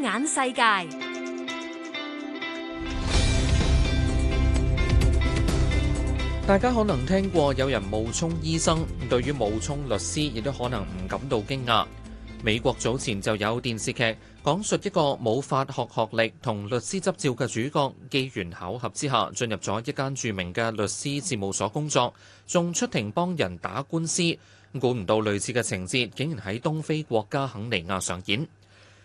眼世界，大家可能聽過有人冒充醫生，對於冒充律師亦都可能唔感到驚訝。美國早前就有電視劇講述一個冇法學學歷同律師執照嘅主角，機緣巧合之下進入咗一間著名嘅律師事務所工作，仲出庭幫人打官司。估唔到類似嘅情節竟然喺東非國家肯尼亞上演。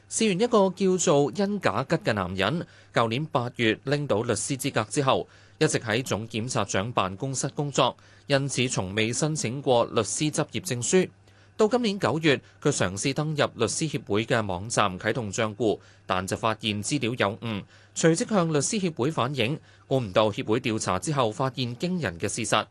試完一個叫做恩賈吉嘅男人，舊年八月拎到律師資格之後，一直喺總檢察長辦公室工作，因此從未申請過律師執業證書。到今年九月，佢嘗試登入律師協會嘅網站啟動賬戶，但就發現資料有誤，隨即向律師協會反映。估唔到協會調查之後，發現驚人嘅事實。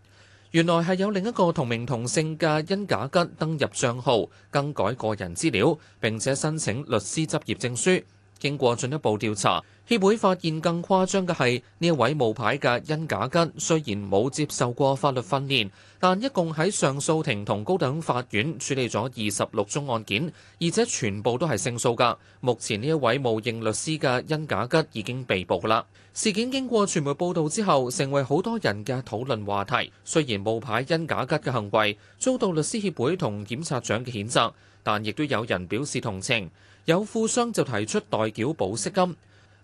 原來係有另一個同名同姓嘅因假吉登入帳號，更改個人資料，並且申請律師執業證書。經過進一步調查。協會發現更誇張嘅係呢一位冒牌嘅因假吉，雖然冇接受過法律訓練，但一共喺上訴庭同高等法院處理咗二十六宗案件，而且全部都係勝訴㗎。目前呢一位冒認律師嘅因假吉已經被捕啦。事件經過傳媒報導之後，成為好多人嘅討論話題。雖然冒牌因假吉嘅行為遭到律師協會同檢察長嘅譴責，但亦都有人表示同情。有富商就提出代繳保釋金。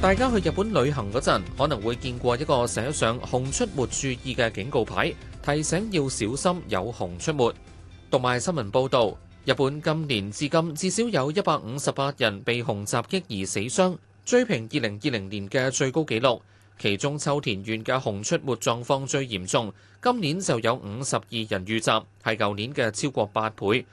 大家去日本旅行嗰陣，可能會見過一個寫上熊出沒注意嘅警告牌，提醒要小心有熊出沒。讀賣新聞報道，日本今年至今至少有一百五十八人被熊襲擊而死傷，追平二零二零年嘅最高紀錄。其中秋田縣嘅熊出沒狀況最嚴重，今年就有五十二人遇襲，係舊年嘅超過八倍。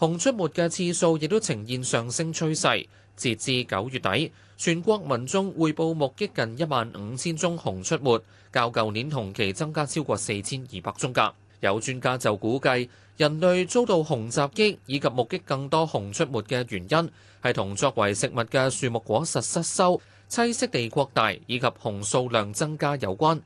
熊出沒嘅次數亦都呈現上升趨勢，截至九月底，全國民眾匯報目擊近一萬五千宗熊出沒，較舊年同期增加超過四千二百宗㗎。有專家就估計，人類遭到熊襲擊以及目擊更多熊出沒嘅原因，係同作為食物嘅樹木果實失收、棲息地擴大以及熊數量增加有關。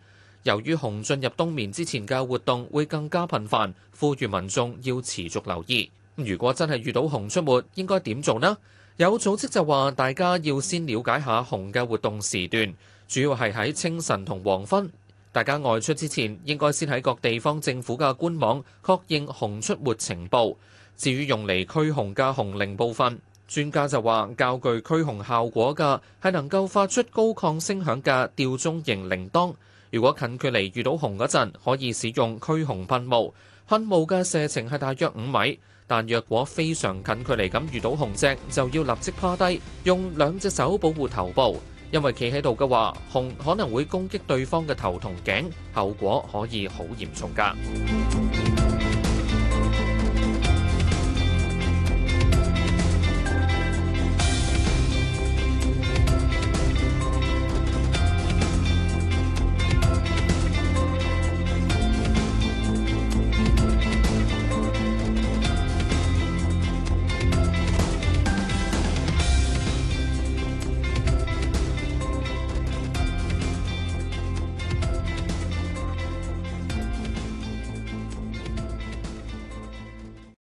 由於熊進入冬眠之前嘅活動會更加頻繁，呼籲民眾要持續留意。如果真係遇到熊出沒，應該點做呢？有組織就話，大家要先了解下熊嘅活動時段，主要係喺清晨同黃昏。大家外出之前應該先喺各地方政府嘅官網確認熊出沒情報。至於用嚟驅熊嘅熊鈴部分，專家就話較具驅熊效果嘅係能夠發出高亢聲響嘅吊鐘型鈴鐺。如果近距離遇到熊嗰陣，可以使用驅熊噴霧，噴霧嘅射程係大約五米。但若果非常近距離咁遇到熊隻，就要立即趴低，用兩隻手保護頭部，因為企喺度嘅話，熊可能會攻擊對方嘅頭同頸，後果可以好嚴重噶。